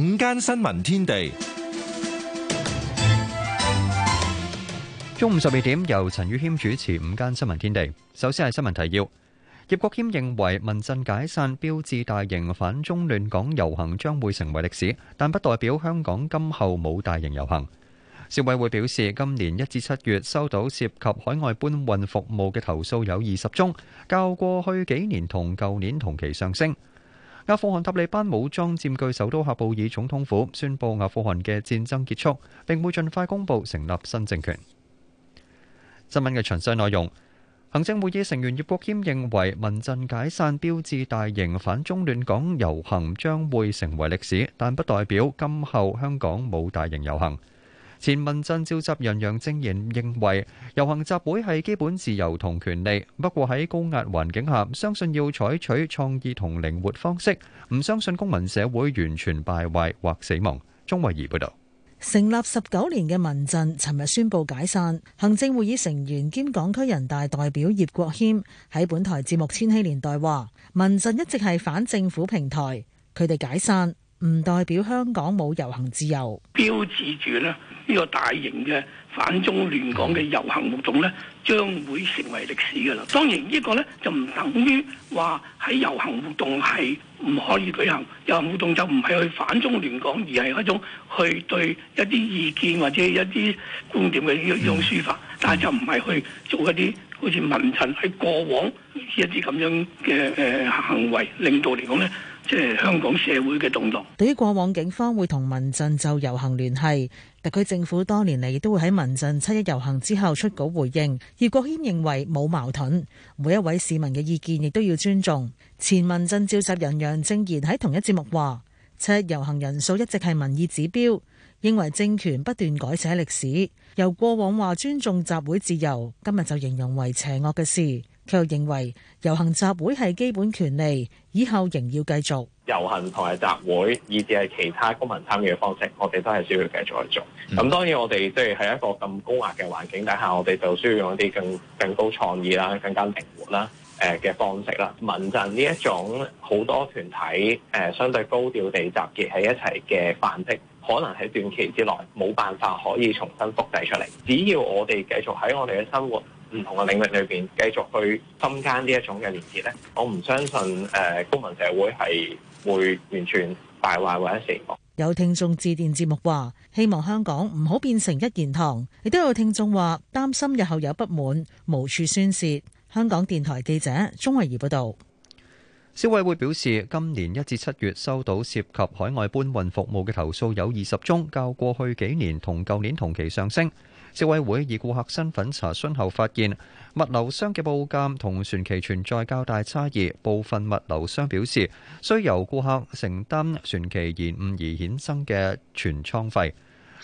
午間新聞天地，中午十二點由陳宇謙主持《午間新聞天地》。首先係新聞提要，葉國謙認為民陣解散標誌大型反中亂港遊行將會成為歷史，但不代表香港今後冇大型遊行。消委會表示，今年一至七月收到涉及海外搬運服務嘅投訴有二十宗，較過去幾年同舊年同期上升。阿富汗塔利班武裝佔據首都喀布爾總統府，宣布阿富汗嘅戰爭結束，並會盡快公布成立新政權。新聞嘅詳細內容，行政會議成員葉國謙認為，民陣解散標誌大型反中亂港遊行將會成為歷史，但不代表今後香港冇大型遊行。前民陣召集人楊正賢認為遊行集會係基本自由同權利，不過喺高壓環境下，相信要採取創意同靈活方式，唔相信公民社會完全敗壞或死亡。鐘慧儀報道，成立十九年嘅民陣，尋日宣布解散。行政會議成員兼港區人大代表葉國謙喺本台節目《千禧年代》話，民陣一直係反政府平台，佢哋解散。唔代表香港冇遊行自由，標誌住呢，呢個大型嘅反中亂港嘅遊行活動呢，將會成為歷史噶啦。當然呢個呢，就唔等於話喺遊行活動係唔可以舉行，遊行活動就唔係去反中亂港，而係一種去對一啲意見或者一啲觀點嘅呢種抒發，mm hmm. 但係就唔係去做一啲好似民陣喺過往一啲咁樣嘅誒行為，令到嚟講呢。即係香港社會嘅動盪。對於過往警方會同民陣就遊行聯繫，特區政府多年嚟都會喺民陣七一遊行之後出稿回應。葉國謙認為冇矛盾，每一位市民嘅意見亦都要尊重。前民陣召集人楊政賢喺同一節目話：七一遊行人數一直係民意指標，認為政權不斷改寫歷史。由過往話尊重集會自由，今日就形容為邪惡嘅事。佢認為遊行集會係基本權利，以後仍要繼續遊行同埋集會，以至係其他公民參與嘅方式，我哋都係需要繼續去做。咁當然，我哋即係喺一個咁高壓嘅環境底下，我哋就需要用一啲更更高創意啦、更加靈活啦、誒嘅方式啦。民陣呢一種好多團體誒相對高調地集結喺一齊嘅範式，可能喺短期之內冇辦法可以重新複製出嚟。只要我哋繼續喺我哋嘅生活，唔同嘅領域裏邊繼續去深耕呢一種嘅連結呢，我唔相信誒公民社會係會完全敗壞或者死亡。有聽眾致電節目話，希望香港唔好變成一言堂。亦都有聽眾話擔心日後有不滿無處宣洩。香港電台記者鍾慧儀報道。消委會表示，今年一至七月收到涉及海外搬運服務嘅投訴有二十宗，較過去幾年同舊年同期上升。消委會以顧客身份查詢後發現，物流商嘅報價同船期存在較大差異。部分物流商表示，需由顧客承擔船期延誤而衍生嘅存倉費。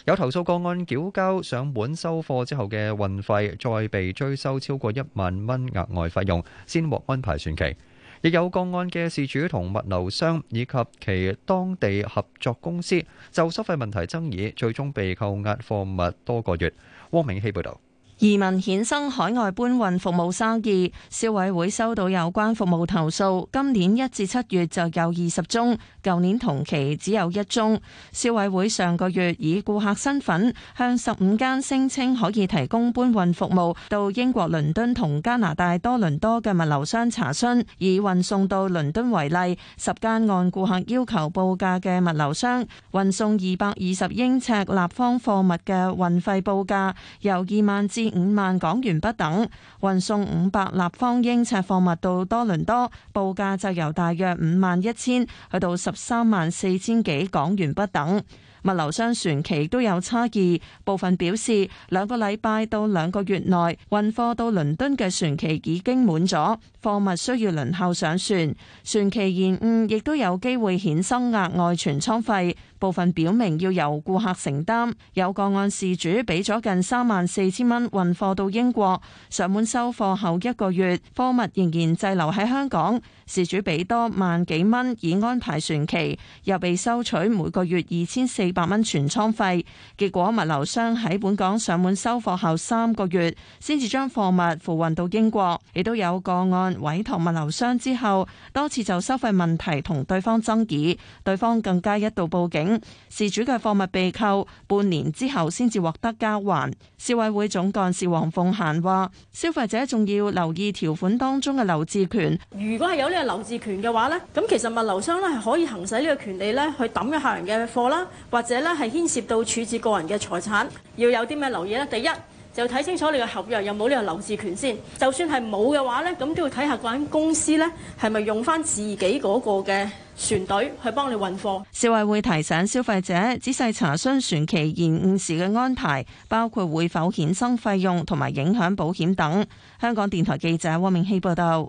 有投訴個案繳交上門收貨之後嘅運費，再被追收超過一萬蚊額外費用，先獲安排船期。亦有個案嘅事主同物流商以及其當地合作公司就收費問題爭議，最終被扣押貨物多個月。汪明熙報導。移民衍生海外搬運服務生意，消委會收到有關服務投訴，今年一至七月就有二十宗，舊年同期只有一宗。消委會上個月以顧客身份向十五間聲稱可以提供搬運服務到英國倫敦同加拿大多倫多嘅物流商查詢，以運送到倫敦為例，十間按顧客要求報價嘅物流商，運送二百二十英尺立方貨物嘅運費報價由二萬至五萬港元不等，運送五百立方英尺貨物到多倫多，報價就由大約五萬一千去到十三萬四千幾港元不等。物流商船期都有差異，部分表示兩個禮拜到兩個月內運貨到倫敦嘅船期已經滿咗，貨物需要輪候上船。船期延誤亦都有機會衍生額外存倉費，部分表明要由顧客承擔，有個案事主俾咗近三萬四千蚊運貨到英國，上門收貨後一個月，貨物仍然滯留喺香港。事主俾多萬幾蚊以安排船期，又被收取每個月二千四百蚊存倉費。結果物流商喺本港上門收貨後三個月，先至將貨物付運到英國。亦都有個案委託物流商之後，多次就收費問題同對方爭議，對方更加一度報警。事主嘅貨物被扣半年之後，先至獲得交還。消委會總幹事黃鳳嫻話：消費者仲要留意條款當中嘅留置權。如果係有。即係留置權嘅話呢，咁其實物流商咧，係可以行使呢個權利呢，去抌咗客人嘅貨啦，或者呢係牽涉到處置個人嘅財產，要有啲咩留意呢？第一就睇清楚你嘅合約有冇呢個留置權先。就算係冇嘅話呢，咁都要睇下間公司呢係咪用翻自己嗰個嘅船隊去幫你運貨。消委會提醒消費者仔細查詢船期延誤時嘅安排，包括會否衍生費用同埋影響保險等。香港電台記者汪明希報道。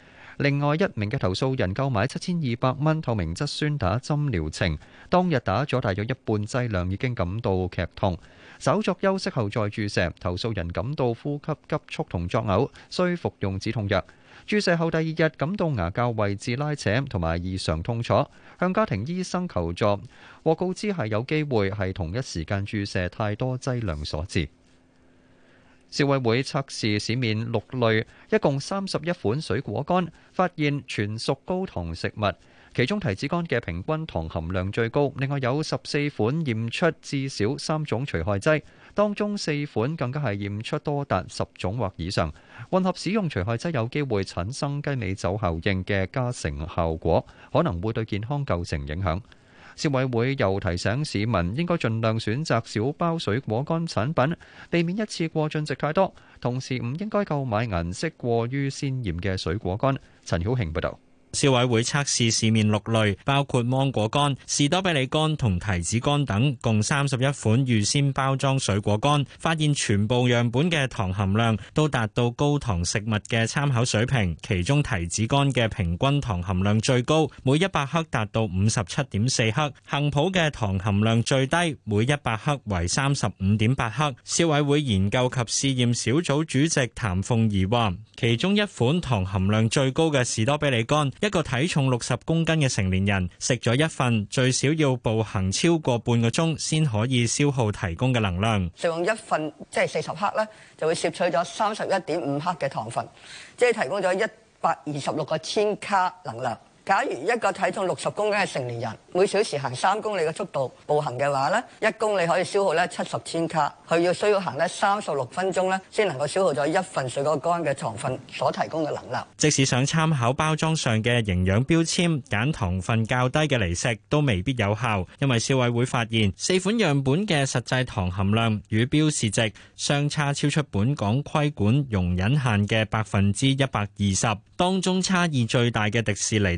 另外一名嘅投訴人購買七千二百蚊透明質酸打針療程，當日打咗大約一半劑量，已經感到劇痛，稍作休息後再注射。投訴人感到呼吸急促同作嘔，需服用止痛藥。注射後第二日感到牙膠位置拉扯同埋異常痛楚，向家庭醫生求助，獲告知係有機會係同一時間注射太多劑量所致。消委會測試市面六類一共三十一款水果乾，發現全屬高糖食物，其中提子乾嘅平均糖含量最高。另外有十四款驗出至少三種除害劑，當中四款更加係驗出多達十種或以上混合使用除害劑，有機會產生雞尾酒效應嘅加成效果，可能會對健康構成影響。消委會又提醒市民應該盡量選擇小包水果乾產品，避免一次過進食太多。同時唔應該購買顏色過於鮮豔嘅水果乾。陳曉慶報道。消委會測試市面六類，包括芒果乾、士多啤梨乾同提子乾等，共三十一款預先包裝水果乾，發現全部樣本嘅糖含量都達到高糖食物嘅參考水平。其中提子乾嘅平均糖含量最高，每一百克達到五十七點四克；杏脯嘅糖含量最低，每一百克為三十五點八克。消委會研究及試驗小組主席譚鳳儀話，其中一款糖含量最高嘅士多啤梨乾。一個體重六十公斤嘅成年人食咗一份，最少要步行超過半個鐘先可以消耗提供嘅能量。食用一份即係四十克啦，就會攝取咗三十一點五克嘅糖分，即係提供咗一百二十六個千卡能量。假如一個體重六十公斤嘅成年人每小時行三公里嘅速度步行嘅話呢一公里可以消耗咧七十千卡，佢要需要行咧三十六分鐘呢，先能夠消耗咗一份水果乾嘅糖分所提供嘅能量。即使想參考包裝上嘅營養標籤，揀糖分較低嘅嚟食都未必有效，因為消委會發現四款樣本嘅實際糖含量與標示值相差超出本港規管容忍限嘅百分之一百二十，當中差異最大嘅迪士尼。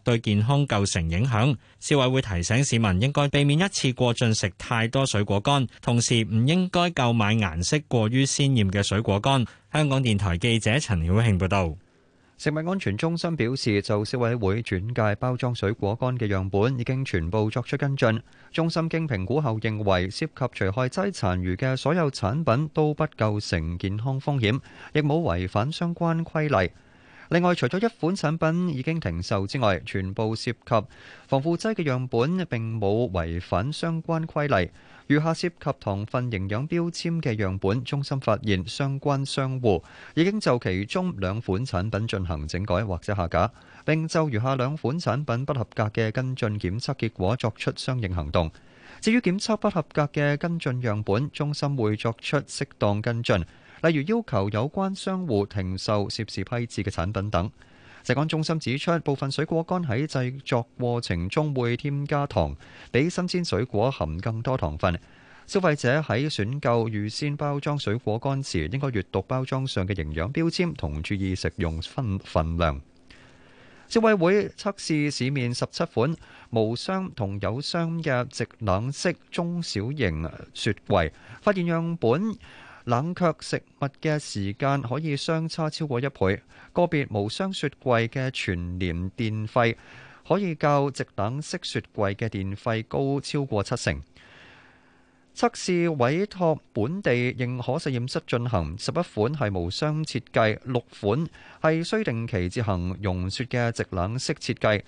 對健康構成影響，消委會提醒市民應該避免一次過進食太多水果乾，同時唔應該購買顏色過於鮮艷嘅水果乾。香港電台記者陳曉慶報道，食物安全中心表示，就消委會轉介包裝水果乾嘅樣本，已經全部作出跟進。中心經評估後認為，涉及除害劑殘餘嘅所有產品都不構成健康風險，亦冇違反相關規例。另外，除咗一款產品已經停售之外，全部涉及防腐劑嘅樣本並冇違反相關規例。餘下涉及糖分營養標籤嘅樣本，中心發現相關商戶已經就其中兩款產品進行整改或者下架，並就餘下兩款產品不合格嘅跟進檢測結果作出相應行動。至於檢測不合格嘅跟進樣本，中心會作出適當跟進。例如要求有關商戶停售涉事批次嘅產品等。食安中心指出，部分水果乾喺製作過程中會添加糖，比新鮮水果含更多糖分。消費者喺選購預先包裝水果乾時，應該閱讀包裝上嘅營養標籤，同注意食用分份量。消委會測試市面十七款無霜同有霜嘅直冷式中小型雪櫃，發現樣本冷卻食物嘅時間可以相差超過一倍，個別無霜雪櫃嘅全年電費可以較直冷式雪櫃嘅電費高超過七成。測試委託本地認可實驗室進行，十一款係無霜設計，六款係需定期執行融雪嘅直冷式設計。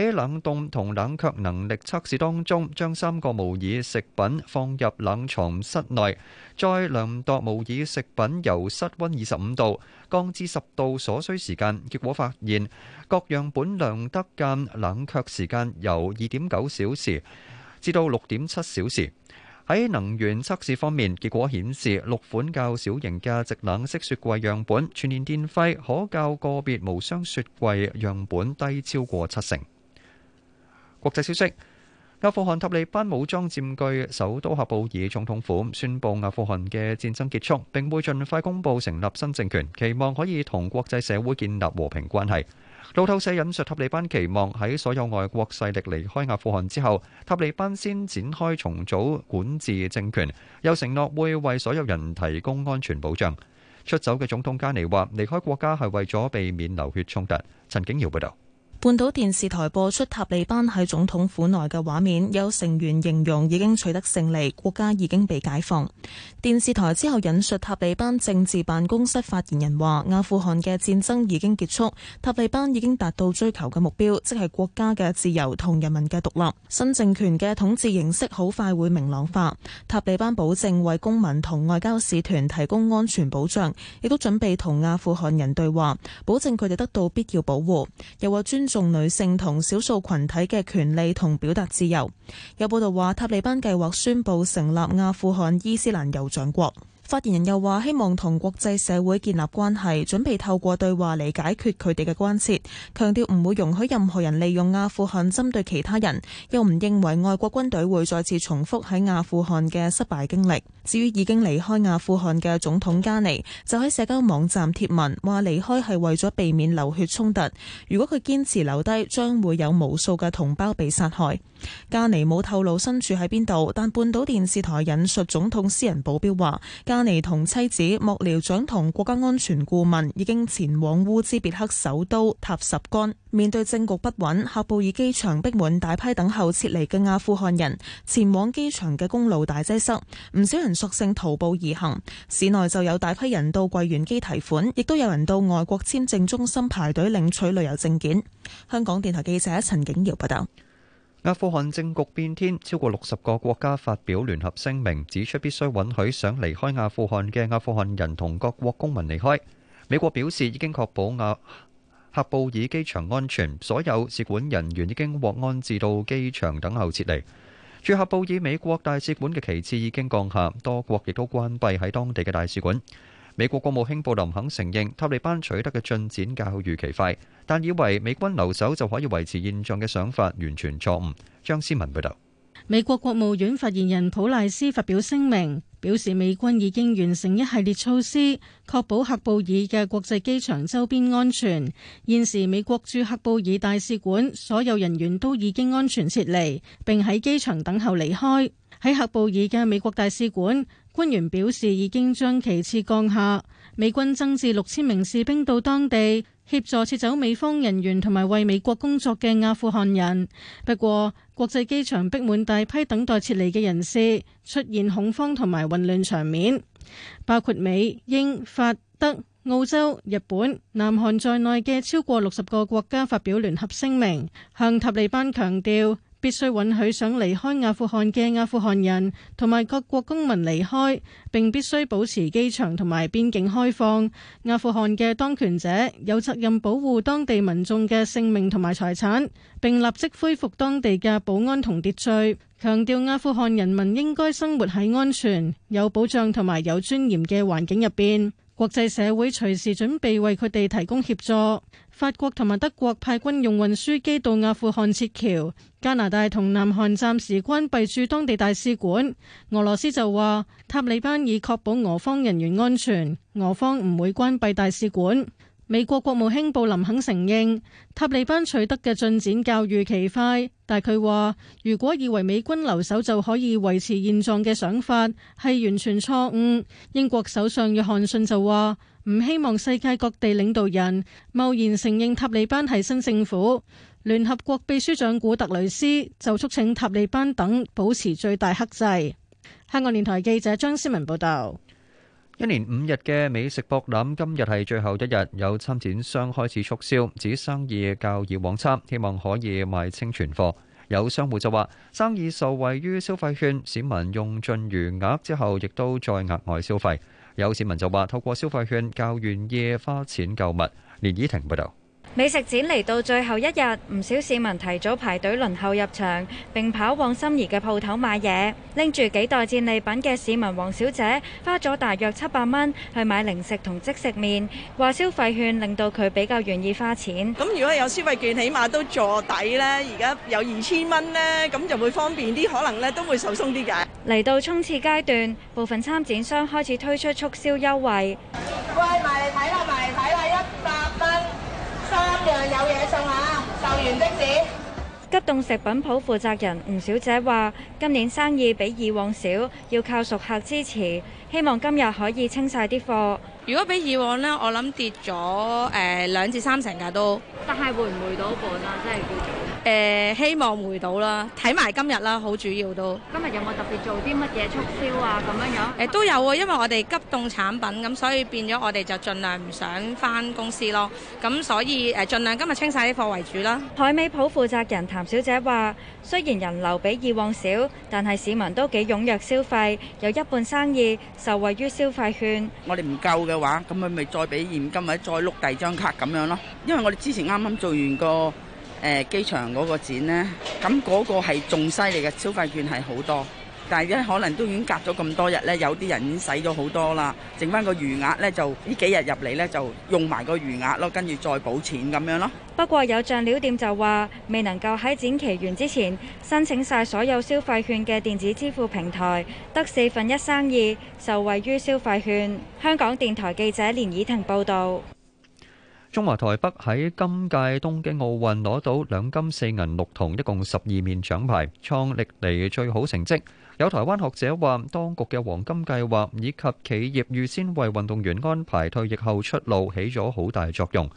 喺冷凍同冷卻能力測試當中，將三個模擬食品放入冷藏室內，再量度模擬食品由室温二十五度降至十度所需時間。結果發現，各樣本量得間冷卻時間由二點九小時至到六點七小時。喺能源測試方面，結果顯示六款較小型嘅直冷式雪櫃樣本全年電費可較個別無霜雪櫃樣本低超過七成。國際消息：阿富汗塔利班武裝佔據首都喀布爾，總統府宣布阿富汗嘅戰爭結束，並會盡快公布成立新政權，期望可以同國際社會建立和平關係。路透社引述塔利班期望喺所有外國勢力離開阿富汗之後，塔利班先展開重組管治政權，又承諾會為所有人提供安全保障。出走嘅總統加尼話：離開國家係為咗避免流血衝突。陳景堯報道。半島電視台播出塔利班喺總統府內嘅畫面，有成員形容已經取得勝利，國家已經被解放。電視台之後引述塔利班政治辦公室發言人話：阿富汗嘅戰爭已經結束，塔利班已經達到追求嘅目標，即係國家嘅自由同人民嘅獨立。新政權嘅統治形式好快會明朗化。塔利班保證為公民同外交使團提供安全保障，亦都準備同阿富汗人對話，保證佢哋得到必要保護。又話尊重尊重女性同少數群體嘅權利同表達自由。有報道話，塔利班計劃宣布成立阿富汗伊斯蘭酋長國。發言人又話：希望同國際社會建立關係，準備透過對話嚟解決佢哋嘅關切，強調唔會容許任何人利用阿富汗針對其他人，又唔認為外國軍隊會再次重複喺阿富汗嘅失敗經歷。至於已經離開阿富汗嘅總統加尼，就喺社交網站貼文話：離開係為咗避免流血衝突，如果佢堅持留低，將會有無數嘅同胞被殺害。加尼冇透露身處喺邊度，但半島電視台引述總統私人保鏢話，加尼同妻子幕僚長同國家安全顧問已經前往烏茲別克首都塔什干。面對政局不穩，喀布爾機場逼滿大批等候撤離嘅阿富汗人，前往機場嘅公路大擠塞，唔少人索性徒步而行。市內就有大批人到櫃員機提款，亦都有人到外國簽證中心排隊領取旅遊證件。香港電台記者陳景瑤報道。阿富汗政局變天，超過六十個國家發表聯合聲明，指出必須允許想離開阿富汗嘅阿富汗人同各國公民離開。美國表示已經確保阿喀布爾機場安全，所有使館人員已經獲安置到機場等候撤離。駐喀布爾美國大使館嘅旗幟已經降下，多國亦都關閉喺當地嘅大使館。美國國務卿布林肯承認塔利班取得嘅進展較預期快，但以為美軍留守就可以維持現狀嘅想法完全錯誤。張思文報道，美國國務院發言人普賴斯發表聲明，表示美軍已經完成一系列措施，確保喀布爾嘅國際機場周邊安全。現時美國駐喀布爾大使館所有人員都已經安全撤離，並喺機場等候離開。喺喀布爾嘅美國大使館官員表示，已經將旗幟降下。美軍增至六千名士兵到當地協助撤走美方人員同埋為美國工作嘅阿富汗人。不過，國際機場逼滿大批等待撤離嘅人士，出現恐慌同埋混亂場面。包括美、英、法、德、澳洲、日本、南韓在內嘅超過六十個國家發表聯合聲明，向塔利班強調。必須允許想離開阿富汗嘅阿富汗人同埋各國公民離開，並必須保持機場同埋邊境開放。阿富汗嘅當權者有責任保護當地民眾嘅性命同埋財產，並立即恢復當地嘅保安同秩序。強調阿富汗人民應該生活喺安全、有保障同埋有尊嚴嘅環境入邊，國際社會隨時準備為佢哋提供協助。法國同埋德國派軍用運輸機到阿富汗撤僑，加拿大同南韓暫時關閉駐當地大使館。俄羅斯就話塔利班已確保俄方人員安全，俄方唔會關閉大使館。美國國務卿布林肯承認塔利班取得嘅進展較預期快，但佢話如果以為美軍留守就可以維持現狀嘅想法係完全錯誤。英國首相約翰遜就話。唔希望世界各地領導人貿然承認塔利班係新政府。聯合國秘書長古特雷斯就促請塔利班等保持最大克制。香港電台記者張思文報道。一年五日嘅美食博覽今日係最後一日，有參展商開始促銷，指生意較以往差，希望可以賣清存貨。有商戶就話生意受惠於消費券，市民用盡餘額之後，亦都再額外消費。有市民就話：透過消費券較願意花錢購物。連依婷報導。美食展嚟到最後一日，唔少市民提早排隊輪候入場，並跑往心儀嘅鋪頭買嘢。拎住幾袋戰利品嘅市民黃小姐，花咗大約七百蚊去買零食同即食麵，話消費券令到佢比較願意花錢。咁如果有消費券，起碼都坐底咧。而家有二千蚊咧，咁就會方便啲，可能咧都會受鬆啲嘅。嚟到衝刺階段，部分參展商開始推出促銷優惠。一樣有嘢送啊！售完即止。急凍食品鋪負責人吳小姐話：今年生意比以往少，要靠熟客支持，希望今日可以清晒啲貨。如果比以往呢，我諗跌咗誒兩至三成噶都。但係會唔會回到本啊？即係。誒、呃、希望回到啦，睇埋今日啦，好主要都。今日有冇特別做啲乜嘢促銷啊？咁樣樣誒、呃、都有啊，因為我哋急凍產品咁，所以變咗我哋就盡量唔想翻公司咯。咁所以誒，盡、呃、量今日清晒啲貨為主啦。海美普負責人譚小姐話，雖然人流比以往少，但係市民都幾踴躍消費，有一半生意受惠於消費券。我哋唔夠嘅話，咁佢咪再俾現金或者再碌第二張卡咁樣咯。因為我哋之前啱啱做完個。誒機場嗰個展呢，咁嗰個係仲犀利嘅消費券係好多，但係咧可能都已經隔咗咁多日咧，有啲人已經使咗好多啦，剩返個餘額咧就呢幾日入嚟咧就用埋個餘額咯，跟住再補錢咁樣咯。不過有醬料店就話未能夠喺展期完之前申請晒所有消費券嘅電子支付平台，得四分一生意受惠於消費券。香港電台記者連以婷報導。中華台北喺今屆東京奧運攞到兩金四銀六銅，一共十二面獎牌，創歷嚟最好成績。有台灣學者話，當局嘅黃金計劃以及企業預先為運動員安排退役後出路，起咗好大作用。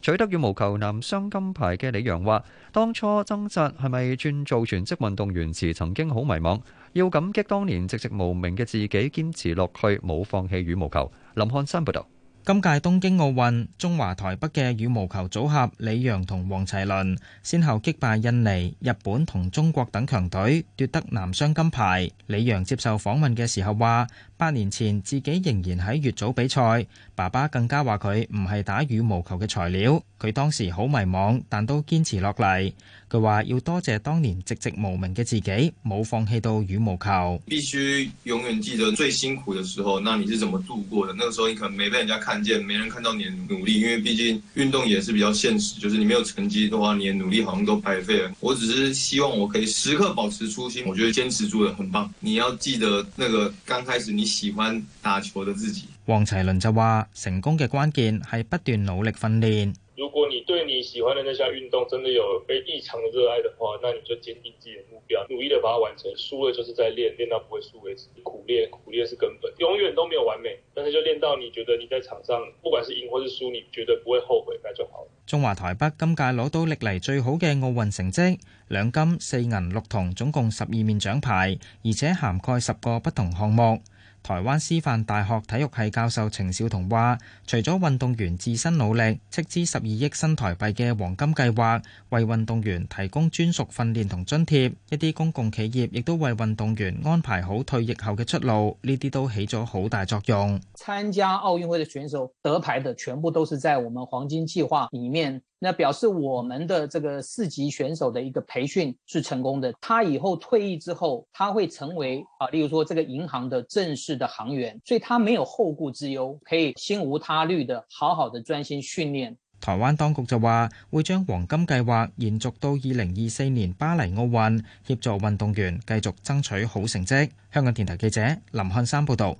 取得羽毛球男雙金牌嘅李洋話，當初掙扎係咪轉做全職運動員時，曾經好迷茫，要感激當年寂寂無名嘅自己堅持落去，冇放棄羽毛球。林漢山報導。今屆東京奧運，中華台北嘅羽毛球組合李洋同王齊麟，先後擊敗印尼、日本同中國等強隊，奪得男雙金牌。李洋接受訪問嘅時候話：八年前自己仍然喺乙組比賽。爸爸更加話佢唔係打羽毛球嘅材料，佢當時好迷茫，但都堅持落嚟。佢話要多謝當年寂寂無名嘅自己，冇放棄到羽毛球。必須永遠記得最辛苦嘅時候，那你是怎麼度過的？那個時候你可能沒被人家看見，沒人看到你的努力，因為畢竟運動也是比較現實，就是你沒有成績嘅話，你的努力好像都白費。我只是希望我可以時刻保持初心，我覺得堅持住嘅，很棒。你要記得那個剛開始你喜歡打球的自己。王齊麟就話：成功嘅關鍵係不斷努力訓練。如果你對你喜歡嘅那項運動真的有非常熱愛嘅話，那你就堅定自己嘅目標，努力地把它完成。輸了就是在練，練到不會輸為止。苦練，苦練是根本，永遠都沒有完美，但是就練到你覺得你在場上，不管是贏或是輸，你絕對不會後悔，那就好。中華台北今屆攞到歷嚟最好嘅奧運成績，兩金四銀六銅，總共十二面獎牌，而且涵蓋十個不同項目。台灣師範大學體育系教授程少彤話，除咗運動員自身努力，斥資十二億新台幣嘅黃金計劃，為運動員提供專屬訓練同津貼，一啲公共企業亦都為運動員安排好退役後嘅出路，呢啲都起咗好大作用。參加奧運會嘅選手，得牌嘅全部都係在我們黃金計劃裡面。那表示我們的這個四級選手的一個培訓是成功的，他以後退役之後，他會成為啊，例如說這個銀行的正式的行員，所以他沒有後顧之憂，可以心無他慮的好好的專心訓練。台灣當局就話會將黃金計劃延續到二零二四年巴黎奧運，協助運動員繼續爭取好成績。香港電台記者林漢山報道。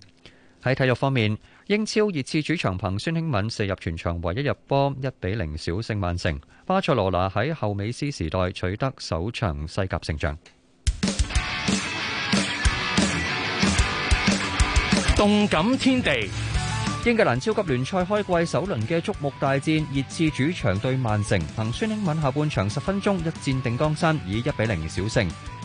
喺體育方面。英超熱刺主場憑孫興敏射入全場唯一入波，一比零小勝曼城。巴塞羅那喺後美斯時代取得首場西甲勝仗。動感天地，英格蘭超級聯賽開季首輪嘅矚目大戰，熱刺主場對曼城，憑孫興敏下半場十分鐘一戰定江山，以一比零小勝。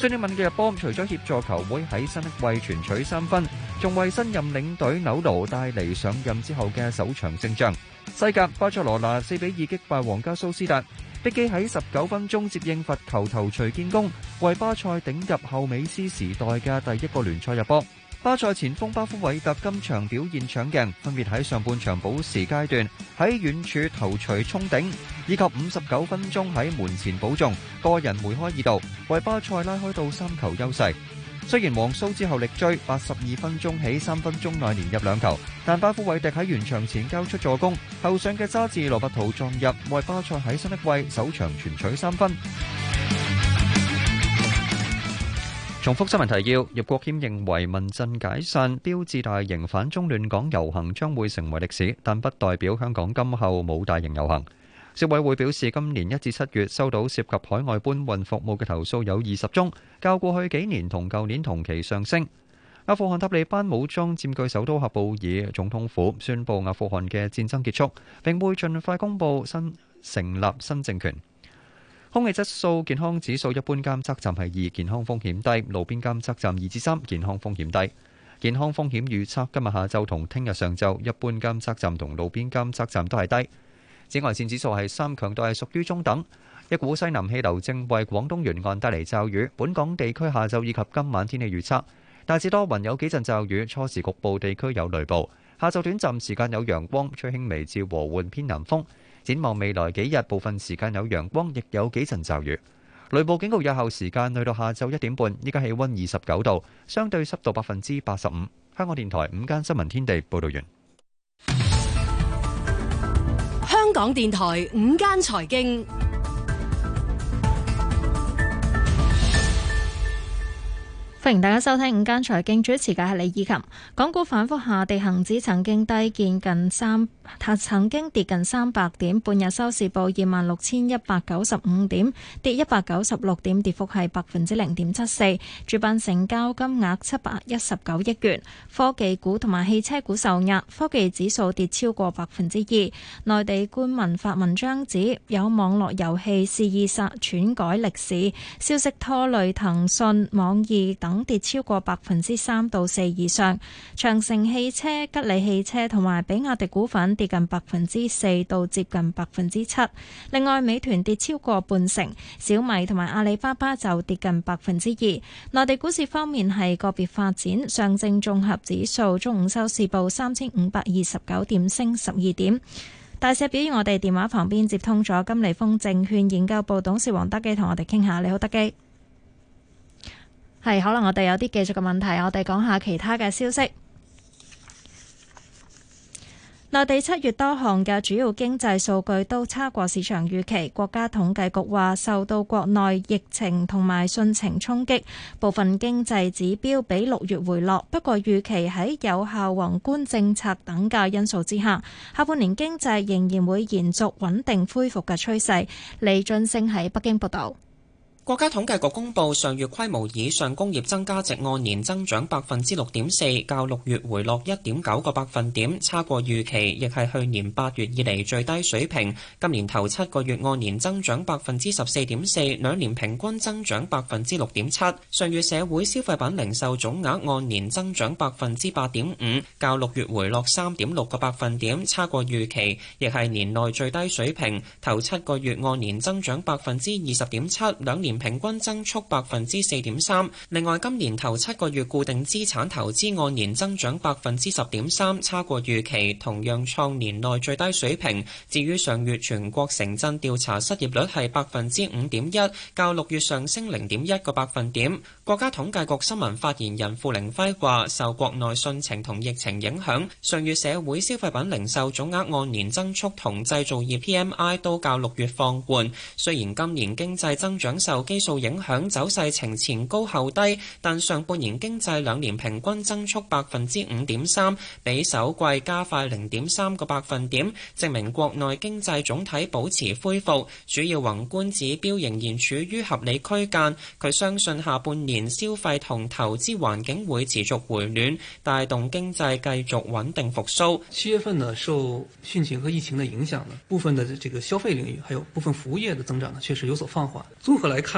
孫興敏嘅入波，除咗協助球會喺新一季全取三分，仲為新任領隊紐奴帶嚟上任之後嘅首場勝仗。西甲巴塞羅那四比二擊敗皇家蘇斯達，碧基喺十九分鐘接應罰球頭錘建功，為巴塞頂入後美斯時代嘅第一個聯賽入波。巴塞前鋒巴夫韋特今場表現搶鏡，分別喺上半場補時階段喺遠柱頭槌衝頂，以及五十九分鐘喺門前補中，個人梅開二度，為巴塞拉開到三球優勢。雖然皇蘇之後力追，八十二分鐘起三分鐘內連入兩球，但巴夫韋特喺完場前交出助攻，後上嘅揸治羅伯圖撞入，為巴塞喺新一季首場全取三分。重複新聞提要：葉國謙認為民陣解散標誌大型反中亂港遊行將會成為歷史，但不代表香港今後冇大型遊行。消委會表示，今年一至七月收到涉及海外搬運服務嘅投訴有二十宗，較過去幾年同舊年同期上升。阿富汗塔利班武裝佔據首都喀布爾總統府，宣布阿富汗嘅戰爭結束，並會盡快公布新成立新政權。空氣質素健康指數一般監測站係二，健康風險低；路邊監測站二至三，3，健康風險低。健康風險預測今日下晝同聽日上晝，一般監測站同路邊監測站都係低。紫外線指數係三，強度係屬於中等。一股西南氣流正為廣東沿岸帶嚟驟雨，本港地區下晝以及今晚天氣預測大致多雲，有幾陣驟雨，初時局部地區有雷暴。下晝短暫時間有陽光，吹輕微至和緩偏南風。展望未來幾日，部分時間有陽光，亦有幾陣驟雨。雷暴警告日後時間去到下晝一點半。依家氣温二十九度，相對濕度百分之八十五。香港電台午間新聞天地報道完。香港電台午間財經，歡迎大家收聽午間財經，主持嘅係李以琴。港股反覆下跌，恒指曾經低見近三。他曾經跌近三百點，半日收市報二萬六千一百九十五點，跌一百九十六點，跌幅係百分之零點七四。主板成交金額七百一十九億元。科技股同埋汽車股受壓，科技指數跌超過百分之二。內地官民發文章指有網絡遊戲肆意篡改歷史，消息拖累騰訊、網易等跌超過百分之三到四以上。長城汽車、吉利汽車同埋比亞迪股份，跌近百分之四到接近百分之七，另外美團跌超過半成，小米同埋阿里巴巴就跌近百分之二。內地股市方面係個別發展，上證綜合指數中午收市報三千五百二十九點，升十二點。大市表現，我哋電話旁邊接通咗，金利豐證券研究部董事王德基同我哋傾下。你好，德基。係，可能我哋有啲技術嘅問題，我哋講下其他嘅消息。內地七月多項嘅主要經濟數據都差過市場預期，國家統計局話受到國內疫情同埋汛情衝擊，部分經濟指標比六月回落。不過預期喺有效宏觀政策等嘅因素之下，下半年經濟仍然會延續穩定恢復嘅趨勢。李俊升喺北京報導。國家統計局公布上月規模以上工業增加值按年增長百分之六點四，較六月回落一點九個百分點，差過預期，亦係去年八月以嚟最低水平。今年頭七個月按年增長百分之十四點四，兩年平均增長百分之六點七。上月社會消費品零售總額按年增長百分之八點五，較六月回落三點六個百分點，差過預期，亦係年內最低水平。頭七個月按年增長百分之二十點七，兩年。平均增速百分之四點三，另外今年頭七個月固定資產投資按年增長百分之十點三，差過預期，同樣創年內最低水平。至於上月全國城鎮調查失業率係百分之五點一，較六月上升零點一個百分點。國家統計局新聞發言人付凌暉話：受國內汛情同疫情影響，上月社會消費品零售總額按年增速同製造業 PMI 都較六月放緩。雖然今年經濟增長受基數影響走勢呈前高後低，但上半年經濟兩年平均增速百分之五點三，比首季加快零點三個百分點，證明國內經濟總體保持恢復，主要宏觀指標仍然處於合理區間。佢相信下半年消費同投資環境會持續回暖，帶動經濟繼續穩定復甦。七月份呢，受汛情和疫情嘅影響呢，部分的這個消費領域，還有部分服務業的增長呢，確實有所放緩。綜合來看。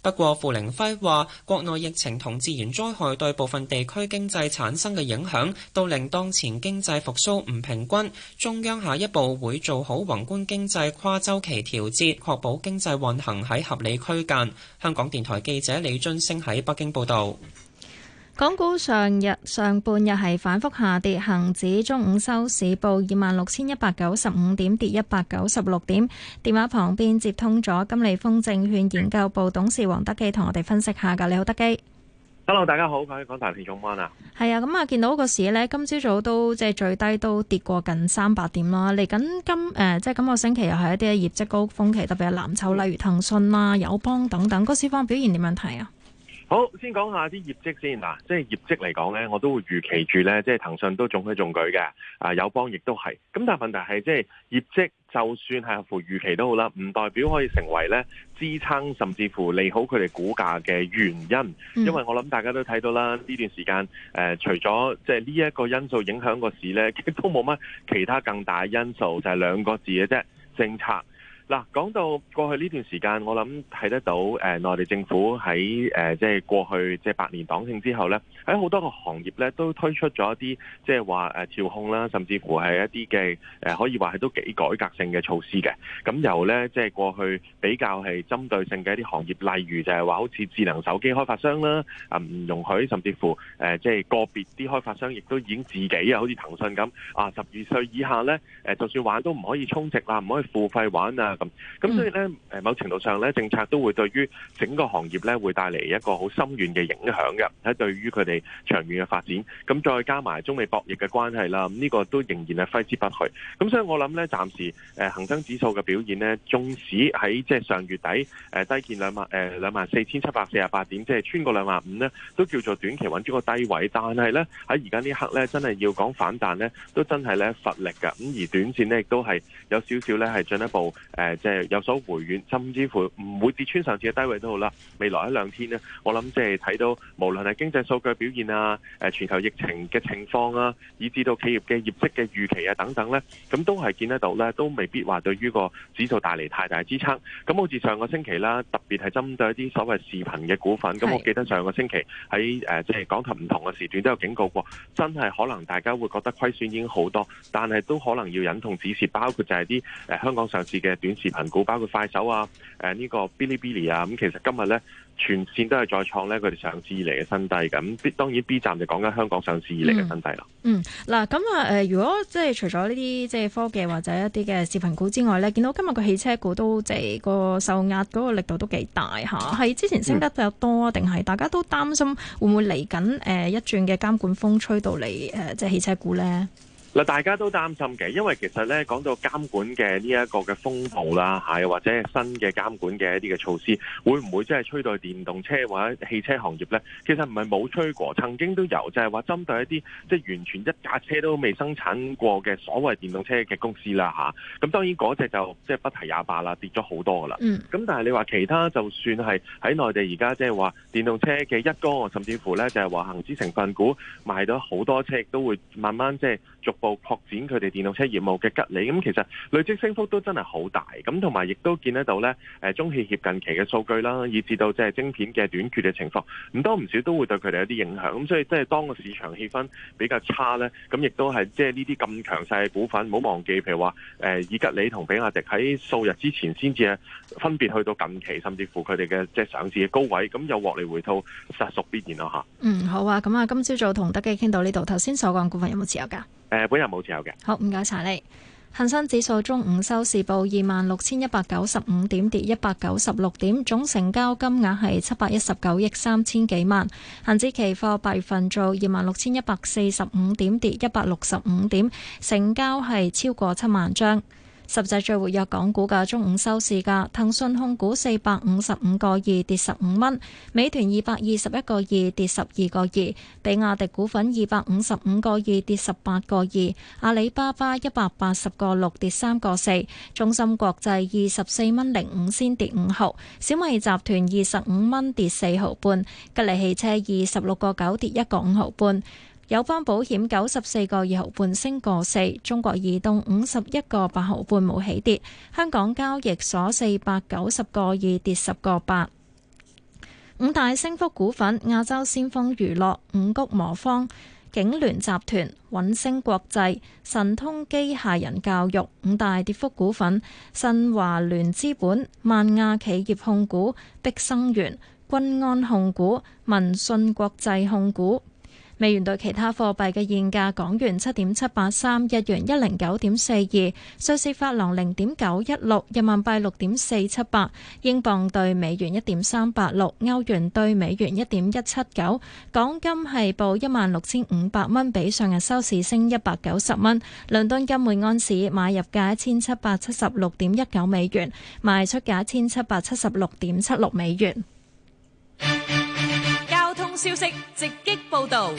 不過，傅凌輝話：國內疫情同自然災害對部分地區經濟產生嘅影響，都令當前經濟復甦唔平均。中央下一步會做好宏觀經濟跨週期調節，確保經濟運行喺合理區間。香港電台記者李津星喺北京報道。港股上日上半日係反覆下跌，恒指中午收市報二萬六千一百九十五點，跌一百九十六點。電話旁邊接通咗金利豐證券研究部董事王德基，同我哋分析下噶。你好，德基。Hello，大家好，喺廣大羣眾 m o 啊。係、嗯、啊，咁、嗯、啊，見到個市呢，今朝早都即係最低都跌過近三百點啦。嚟緊今誒、呃、即係今個星期又係一啲業績高峰期，特別係藍籌，例如騰訊啦、友、啊、邦等等，嗰啲方表現點樣睇啊？好，先講下啲業績先嗱，即係業績嚟講咧，我都會預期住咧，即係騰訊都中規中矩嘅，啊友邦亦都係。咁但係問題係，即係業績就算係合乎預期都好啦，唔代表可以成為咧支撐甚至乎利好佢哋股價嘅原因，因為我諗大家都睇到啦，呢段時間誒、呃，除咗即係呢一個因素影響個市咧，都冇乜其他更大因素，就係、是、兩個字嘅啫，政策。嗱，講到過去呢段時間，我諗睇得到誒內地政府喺誒即係過去即係百年黨慶之後咧，喺好多個行業咧都推出咗一啲即係話誒調控啦，甚至乎係一啲嘅誒可以話係都幾改革性嘅措施嘅。咁由咧即係過去比較係針對性嘅一啲行業，例如就係話好似智能手機開發商啦，啊唔容許，甚至乎誒即係個別啲開發商亦都已經自己啊，好似騰訊咁啊，十二歲以下咧誒就算玩都唔可以充值啦，唔可以付費玩啊。咁咁、嗯、所以咧，誒某程度上咧，政策都會對於整個行業咧，會帶嚟一個好深遠嘅影響嘅。喺對於佢哋長遠嘅發展，咁、嗯、再加埋中美博弈嘅關係啦，咁、這、呢個都仍然係揮之不去。咁、嗯、所以我諗咧，暫時誒恆生指數嘅表現呢，縱使喺即係上月底誒、呃、低見兩萬，誒兩萬四千七百四十八點，即係穿過兩萬五呢，都叫做短期穩住個低位。但係咧，喺而家呢一刻咧，真係要講反彈咧，都真係咧乏力㗎。咁而短線呢，亦都係有少少咧，係進一步誒。呃呃誒，即係有所回軟，甚至乎唔會跌穿上次嘅低位都好啦。未來一兩天呢，我諗即係睇到，無論係經濟數據表現啊，誒，全球疫情嘅情況啊，以至到企業嘅業績嘅預期啊等等呢，咁都係見得到呢，都未必話對於個指數帶嚟太大支撐。咁好似上個星期啦，特別係針對一啲所謂視頻嘅股份，咁我記得上個星期喺誒，即係、呃、講及唔同嘅時段都有警告過，真係可能大家會覺得虧損已經好多，但係都可能要忍痛止蝕，包括就係啲誒香港上市嘅短。視頻股包括快手啊，誒、呃、呢、這個嗶哩嗶哩啊，咁其實今日咧全線都係再創咧佢哋上市以嚟嘅新低。咁當然 B 站就講緊香港上市以嚟嘅新低啦、嗯。嗯，嗱，咁啊，誒，如果即係、呃呃呃、除咗呢啲即係科技或者一啲嘅視頻股之外咧，見到今日個汽車股都即係個受壓嗰個力度都幾大吓，係、啊、之前升得比較多定係、嗯、大家都擔心會唔會嚟緊誒一轉嘅監管風吹到嚟誒、呃呃，即係汽車股咧？嗱，大家都擔心嘅，因為其實咧講到監管嘅呢一個嘅風暴啦嚇，又或者新嘅監管嘅一啲嘅措施，會唔會即係吹到電動車或者汽車行業咧？其實唔係冇吹過，曾經都有，就係、是、話針對一啲即係完全一架車都未生產過嘅所謂電動車嘅公司啦嚇。咁、啊、當然嗰隻就即係不提也罷啦，跌咗好多噶啦。咁、嗯、但係你話其他就算係喺內地而家即係話電動車嘅一哥，甚至乎咧就係話恆指成分股賣咗好多車，都會慢慢即係逐部擴展佢哋電動車業務嘅吉利，咁其實累積升幅都真係好大，咁同埋亦都見得到咧。誒，中汽協近期嘅數據啦，以至到即係晶片嘅短缺嘅情況，唔多唔少都會對佢哋有啲影響。咁所以即係當個市場氣氛比較差咧，咁亦都係即係呢啲咁強勢嘅股份，唔好忘記，譬如話誒，以吉利同比亞迪喺數日之前先至啊，分別去到近期甚至乎佢哋嘅即係上市嘅高位，咁又獲利回吐，實屬必然啦嚇。嗯，好啊，咁、嗯、啊，今朝早同德基傾到呢度，頭先所講股份有冇持有㗎？誒。本日冇自由嘅。好，唔該查你。恒生指數中午收市報二萬六千一百九十五點，跌一百九十六點，總成交金額係七百一十九億三千幾萬。恒指期貨八月份做二萬六千一百四十五點，跌一百六十五點，成交係超過七萬張。十隻最活躍港股嘅中午收市價，騰訊控股四百五十五個二跌十五蚊，美團二百二十一個二跌十二個二，比亞迪股份二百五十五個二跌十八個二，阿里巴巴一百八十個六跌三個四，中芯國際二十四蚊零五先跌五毫，小米集團二十五蚊跌四毫半，吉利汽車二十六個九跌一個五毫半。友邦保險九十四個二毫半升個四，中國移動五十一個八毫半冇起跌，香港交易所四百九十個二跌十個八。五大升幅股份：亞洲先鋒娛樂、五谷磨房、景聯集團、穩升國際、神通機械人教育。五大跌幅股份：新華聯資本、萬亞企業控股、碧生源、君安控股、民信國際控股。美元兌其他貨幣嘅現價：港元七點七八三，日元一零九點四二，瑞士法郎零點九一六，人民幣六點四七八，英鎊對美元一點三八六，歐元對美元一點一七九。港金係報一萬六千五百蚊，比上日收市升一百九十蚊。倫敦金每安士買入價一千七百七十六點一九美元，賣出價一千七百七十六點七六美元。消息直擊報道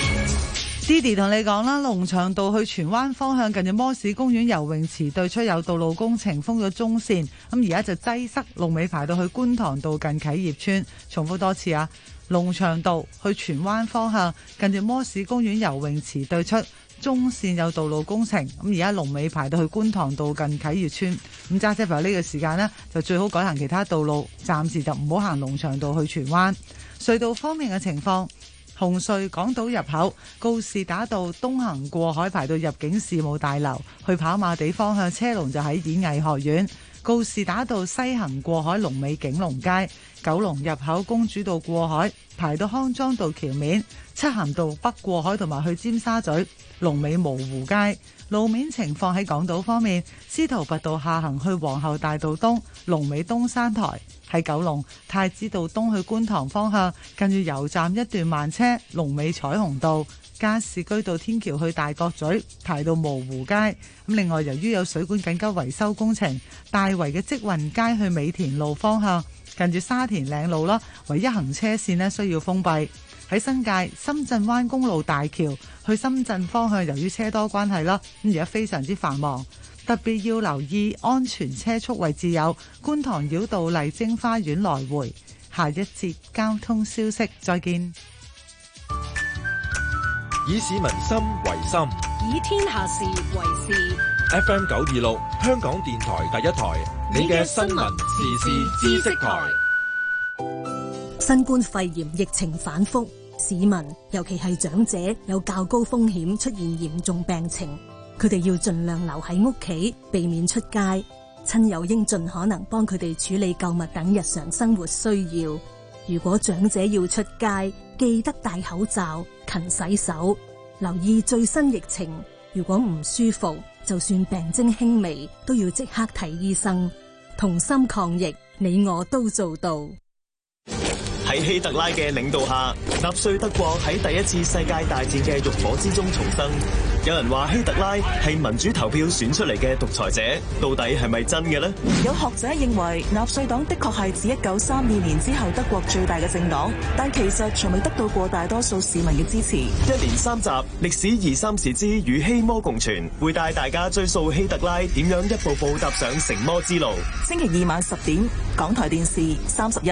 ，Daddy 同你講啦，龍翔道去荃灣方向近住摩士公園游泳池對出有道路工程封咗中線，咁而家就擠塞龍尾排到去觀塘道近啟業村重複多次啊，龍翔道去荃灣方向近住摩士公園游泳池對出中線有道路工程，咁而家龍尾排到去觀塘道近啟業村咁揸車呢個時間呢，就最好改行其他道路，暫時就唔好行龍翔道去荃灣。隧道方面嘅情況，紅隧港島入口告士打道東行過海排到入境事務大樓，去跑馬地方向車龍就喺演藝學院告士打道西行過海龍尾景隆街。九龍入口公主道過海，排到康莊道橋面、漆咸道北過海，同埋去尖沙咀龍尾蕪湖街。路面情況喺港島方面，司徒拔道下行去皇后大道東龍尾東山台，喺九龍太子道東去觀塘方向，近住油站一段慢車龍尾彩虹道、加士居道天橋去大角咀，排到蕪湖街。咁另外，由於有水管緊急維修工程，大圍嘅積運街去美田路方向。近住沙田嶺路啦，唯一行車線呢，需要封閉。喺新界深圳灣公路大橋去深圳方向，由於車多關係啦，咁而家非常之繁忙。特別要留意安全車速位置，有觀塘繞道麗晶花園來回。下一節交通消息，再見。以市民心為心，以天下事為事。F.M. 九二六，香港電台第一台，你嘅新聞、時事、知識台。新冠肺炎疫情反覆，市民尤其係長者有較高風險出現嚴重病情。佢哋要盡量留喺屋企，避免出街。親友應盡可能幫佢哋處理購物等日常生活需要。如果長者要出街，記得戴口罩，勤洗手，留意最新疫情。如果唔舒服，就算病徵輕微，都要即刻睇醫生。同心抗疫，你我都做到。喺希特拉嘅領導下，納粹德國喺第一次世界大戰嘅浴火之中重生。有人話希特拉係民主投票選出嚟嘅獨裁者，到底係咪真嘅呢？有學者認為納粹黨的確係指一九三二年之後德國最大嘅政黨，但其實從未得到過大多數市民嘅支持。一連三集《歷史二三事之與希魔共存》，會帶大家追溯希特拉點樣一步步踏上成魔之路。星期二晚十點，港台電視三十一。